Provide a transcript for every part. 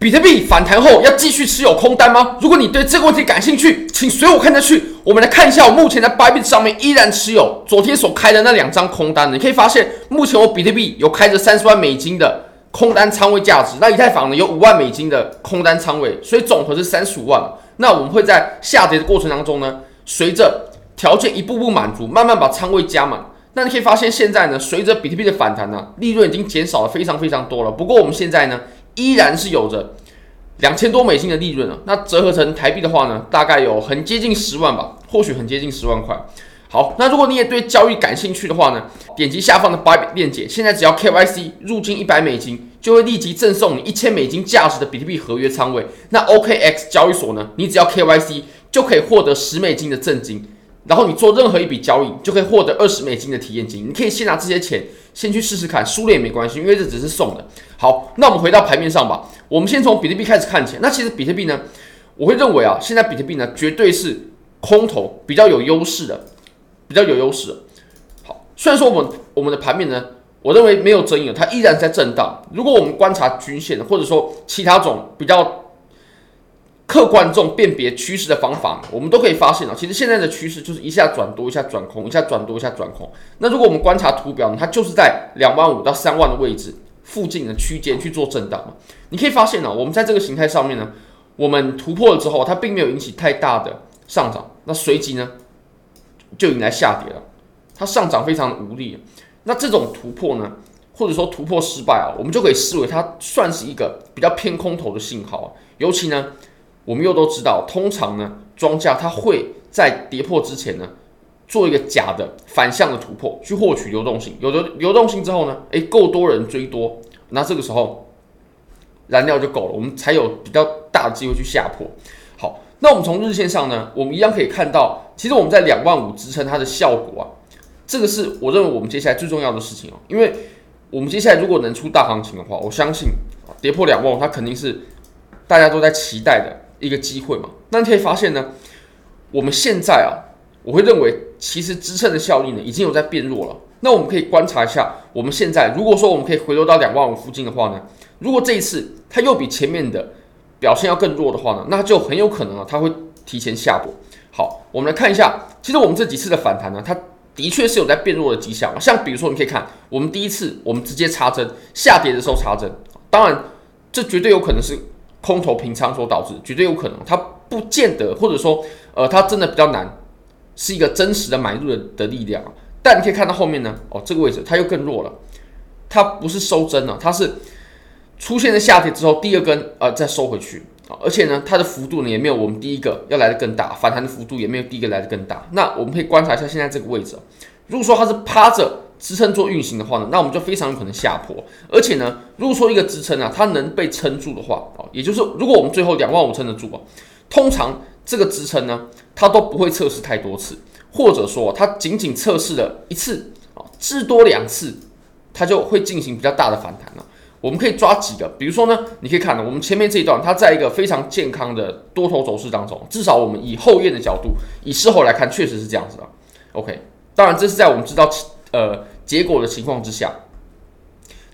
比特幣反彈後要繼續持有空單嗎？如果你對這個問題感興趣，請隨我看下去。我們來看一下，我目前在 Bybit 上面依然持有昨天所開的那兩張空單。你可以發現，目前我比特幣有開着三十萬美金的空單倉位價值，那以太坊呢有五萬美金的空單倉位，所以總和是三十五萬。那我們會在下跌的過程當中呢，隨着條件一步步滿足，慢慢把倉位加滿。那你可以發現，現在呢，隨着比特幣的反彈呢、啊，利潤已經減少了非常非常多了。不過我們現在呢，依然是有着兩千多美金的利潤啊，那折合成台幣的話呢，大概有很接近十萬吧，或許很接近十萬塊。好，那如果你也對交易感興趣的話呢，點擊下方的 BYBIT 鏈接，現在只要 KYC 入金一百美金，就會立即贈送你一千美金價值的比特幣合約倉位。那 OKX 交易所呢，你只要 KYC 就可以獲得十美金的贈金。然後你做任何一筆交易，就可以獲得二十美金的體驗金。你可以先拿這些錢，先去試試看，輸了也沒關係，因為這只是送的。好，那我們回到盤面上吧。我們先從比特幣開始看起。那其實比特幣呢，我會認為啊，現在比特幣呢，絕對是空頭比較有優勢的，比較有優勢。好，雖然說我們我們的盤面呢，我認為沒有爭議，它依然是在震盪。如果我們觀察均線，或者說其他種比較。客觀這種辨別趨勢的方法，我們都可以發現啊。其實現在的趨勢就是一下轉多，一下轉空，一下轉多，一下轉空。那如果我們觀察圖表呢，它就是在兩萬五到三萬的位置附近的區間去做震盪。你可以發現呢，我們在這個形態上面呢，我們突破了之後，它並沒有引起太大的上漲，那隨即呢就迎來下跌了。它上漲非常的無力。那這種突破呢，或者說突破失敗啊，我們就可以視為它算是一個比較偏空頭的信號啊，尤其呢。我們又都知道，通常呢，莊家它會在跌破之前呢，做一個假的反向的突破，去獲取流動性，有了流動性之後呢，誒，夠多人追多，那這個時候燃料就夠了，我們才有比較大的機會去下破。好，那我們從日線上呢，我們一樣可以看到，其實我們在兩萬五支撐它的效果啊，這個是我認為我們接下來最重要的事情哦，因為我們接下來如果能出大行情的話，我相信跌破兩萬五，它肯定是大家都在期待的。一個機會嘛，那你可以發現呢，我們現在啊，我會認為其實支撐的效力呢已經有在變弱了。那我們可以觀察一下，我們現在如果說我們可以回落到兩萬五附近的話呢，如果這一次它又比前面的表現要更弱的話呢，那就很有可能啊，它會提前下破。好，我們來看一下，其實我們這幾次的反彈呢，它的確是有在變弱的跡象。像比如說，你可以看，我們第一次我們直接插針下跌的時候插針，當然這絕對有可能是。空頭平倉所導致，絕對有可能，它不見得，或者說，呃，它真的比較難，是一個真實的買入的的力量。但你可以看到後面呢，哦，這個位置它又更弱了，它不是收針了，它是出現了下跌之後第二根呃再收回去，哦，而且呢，它的幅度呢也沒有我們第一個要來得更大，反彈的幅度也沒有第一個來得更大。那我們可以觀察一下現在這個位置，如果說它是趴着。支撐做運行的話呢，那我們就非常有可能下破。而且呢，如果說一個支撐啊，它能被撐住的話啊，也就是如果我們最後兩萬五撐得住啊，通常這個支撐呢，它都不會測試太多次，或者說啊，它僅僅測試了一次啊，至多兩次，它就會進行比較大的反彈了啊。我們可以抓幾個，比如說呢，你可以看到我們前面這一段，它在一個非常健康的多頭走勢當中，至少我們以後驗的角度，以事後來看，確實是這樣子的。OK，當然這是在我們知道呃。結果的情況之下，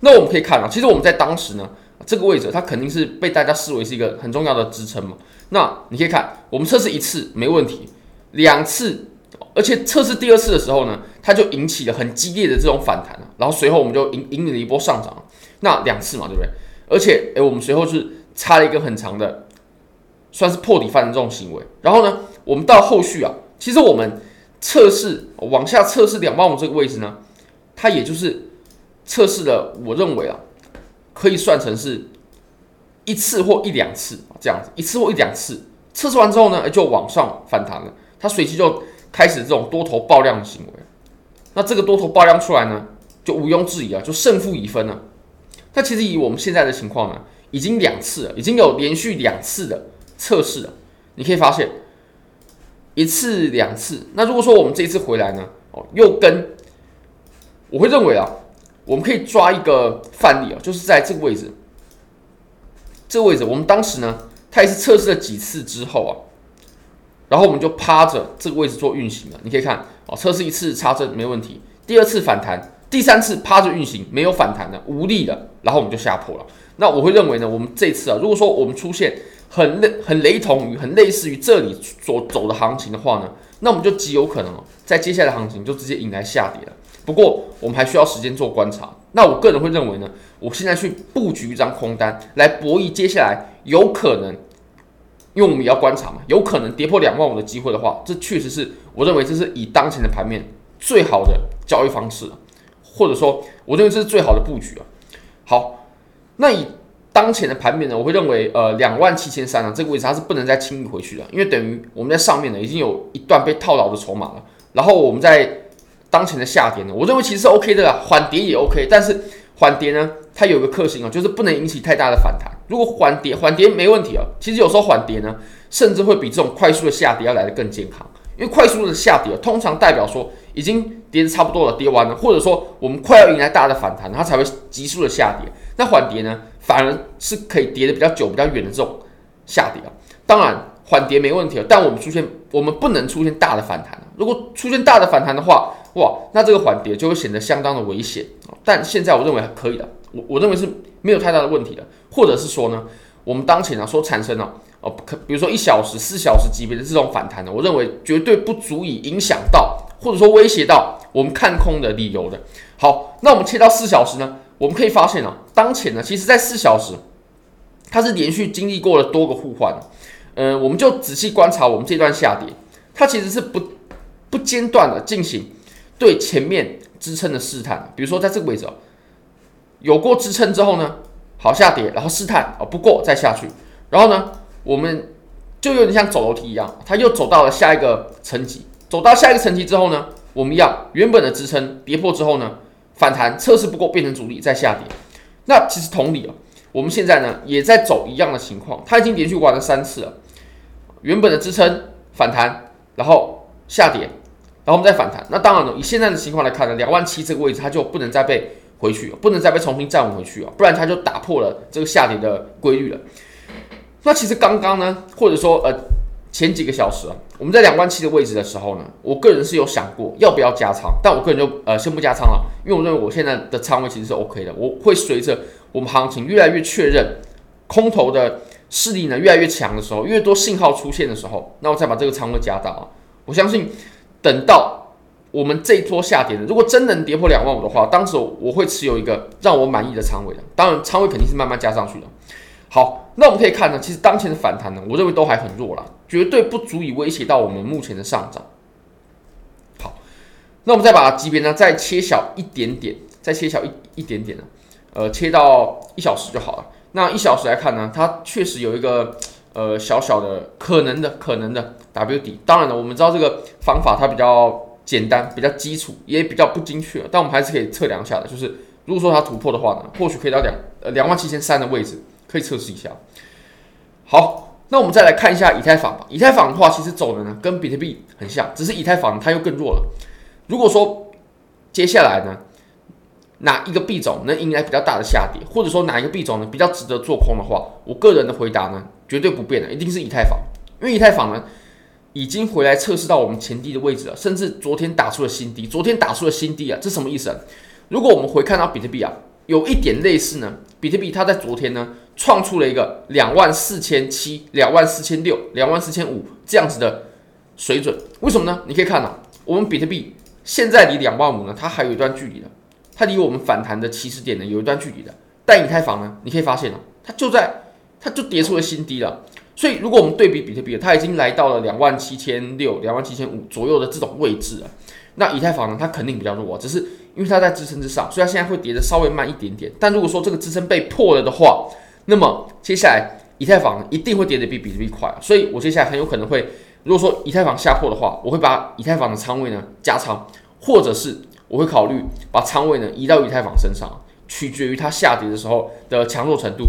那我們可以看到啊，其實我們在當時呢這個位置，它肯定是被大家視為是一個很重要的支撐嘛。那你可以看，我們測試一次沒問題，兩次，而且測試第二次的時候呢，它就引起了很激烈的這種反彈啊。然後隨後我們就引引領了一波上漲，那兩次嘛，對不對？而且誒，我們隨後是插了一個很長的，算是破底翻的這種行為。然後呢，我們到後續啊，其實我們測試往下測試兩萬五這個位置呢。它也就是測試了，我認為啊，可以算成是一次或一兩次這樣子，一次或一兩次測試完之後呢，就往上反彈了，它隨即就開始這種多頭爆量的行為。那這個多頭爆量出來呢，就毋庸置疑啊，就勝負已分了。那其實以我們現在的情況呢，已經兩次了，已經有連續兩次的測試了。你可以發現一次兩次。那如果說我們這一次回來呢，哦，又跟。我會認為啊，我們可以抓一個範例啊，就是在這個位置，這個位置，我們當時呢，它也是測試了幾次之後啊，然後我們就趴着這個位置做運行了。你可以看啊、哦，測試一次插針沒問題，第二次反彈，第三次趴着運行沒有反彈的，無力的，然後我們就下破了。那我會認為呢，我們這次啊，如果說我們出現很雷很雷同於、很類似於這裡所走的行情的話呢，那我們就極有可能、啊、在接下來的行情就直接引來下跌了。不過我們還需要時間做觀察。那我個人會認為呢，我現在去布局一張空單來博弈接下來有可能，因為我們也要觀察嘛，有可能跌破兩萬五的機會的話，這確實是我認為這是以當前的盤面最好的交易方式或者說我認為這是最好的布局啊。好，那以當前的盤面呢，我會認為呃兩萬七千三呢這個位置它是不能再輕易回去了，因為等於我們在上面呢已經有一段被套牢的籌碼了，然後我們在。當前的下跌呢，我認為其實是 OK 的啦，緩跌也 OK，但是緩跌呢，它有個克星啊、哦，就是不能引起太大的反彈。如果緩跌，緩跌沒問題哦。其實有時候緩跌呢，甚至會比這種快速的下跌要來得更健康，因為快速的下跌通常代表說已經跌得差不多了，跌完了，或者說我們快要迎來大的反彈，它才會急速的下跌。那緩跌呢，反而是可以跌得比較久、比較遠的這種下跌啊。當然，緩跌沒問題哦，但我們出現，我們不能出現大的反彈。如果出現大的反彈的話，哇，那這個緩跌就會顯得相當的危險，但現在我認為還可以的，我我認為是沒有太大的問題的，或者是說呢，我們當前呢、啊、所產生的、啊、哦，比如說一小時、四小時級別的這種反彈呢，我認為絕對不足以影響到或者說威脅到我們看空的理由的。好，那我們切到四小時呢，我們可以發現呢、啊，當前呢，其實在四小時它是連續經歷過了多個互換，嗯、呃，我們就仔細觀察我們這段下跌，它其實是不不間斷的進行，對前面支撐的試探，比如說在這個位置有過支撐之後呢，好，下跌，然後試探哦，不過再下去，然後呢，我們就有點像走樓梯一樣，它又走到了下一個層級，走到下一個層級之後呢，我們要原本的支撐跌破之後呢，反彈測試不過變成阻力再下跌。那其實同理啊、哦，我們現在呢也在走一樣的情況，它已經連續玩了三次了，原本的支撐反彈，然後下跌。然後我們再反彈。那當然呢，以現在的情況來看呢，兩萬七這個位置，它就不能再被回去，不能再被重新站穩回去啊，不然它就打破了這個下跌的規律了。那其實剛剛呢，或者說呃，前幾個小時啊，我們在兩萬七的位置的時候呢，我個人是有想過要不要加倉，但我個人就呃先不加倉了，因為我認為我現在的倉位其實是 OK 的。我會隨着我們行情越來越確認空頭的勢力呢越來越強的時候，越多信號出現的時候，那我再把這個倉位加大啊。我相信。等到我們這一波下跌的，如果真能跌破兩萬五的話，當時我，我會持有一個讓我滿意的倉位的。當然，倉位肯定是慢慢加上去的。好，那我們可以看呢，其實當前的反彈呢，我認為都還很弱了，絕對不足以威脅到我們目前的上漲。好，那我們再把級別呢再切小一點點，再切小一一點點，呃，切到一小時就好了。那一小時來看呢，它確實有一個。呃，小小的可能的可能的 W 底，當然了，我們知道這個方法它比較簡單，比較基礎，也比較不精確，但我們還是可以測量一下的。就是如果說它突破的話呢，或許可以到兩呃兩萬七千三的位置，可以測試一下。好，那我們再來看一下以太坊吧。以太坊的話，其實走的呢跟比特幣很像，只是以太坊它又更弱了。如果說接下來呢，哪一個幣種能迎來比較大的下跌，或者說哪一個幣種呢比較值得做空的話，我個人的回答呢？絕對不變的，一定是以太坊，因為以太坊呢已經回來測試到我們前低的位置了，甚至昨天打出了新低，昨天打出了新低啊，這什麼意思啊？如果我們回看到比特幣啊，有一點類似呢，比特幣它在昨天呢創出了一個兩萬四千七、兩萬四千六、兩萬四千五這樣子的水準，為什麼呢？你可以看啊，我們比特幣現在離兩萬五呢，它還有一段距離的，它離我們反彈的起始點呢有一段距離的，但以太坊呢，你可以發現啊，它就在。它就跌出了新低了，所以如果我們對比比特幣，它已經來到了兩萬七千六、兩萬七千五左右的這種位置啊。那以太坊呢，它肯定比較弱啊，只是因為它在支撐之上，所以它現在會跌得稍微慢一點點。但如果說這個支撐被破了的話，那麼接下來以太坊一定會跌得比比特幣快啊。所以我接下來很有可能會，如果說以太坊下破的話，我會把以太坊的倉位呢加倉，或者是我會考慮把倉位呢移到以太坊身上，取決於它下跌的時候的強弱程度。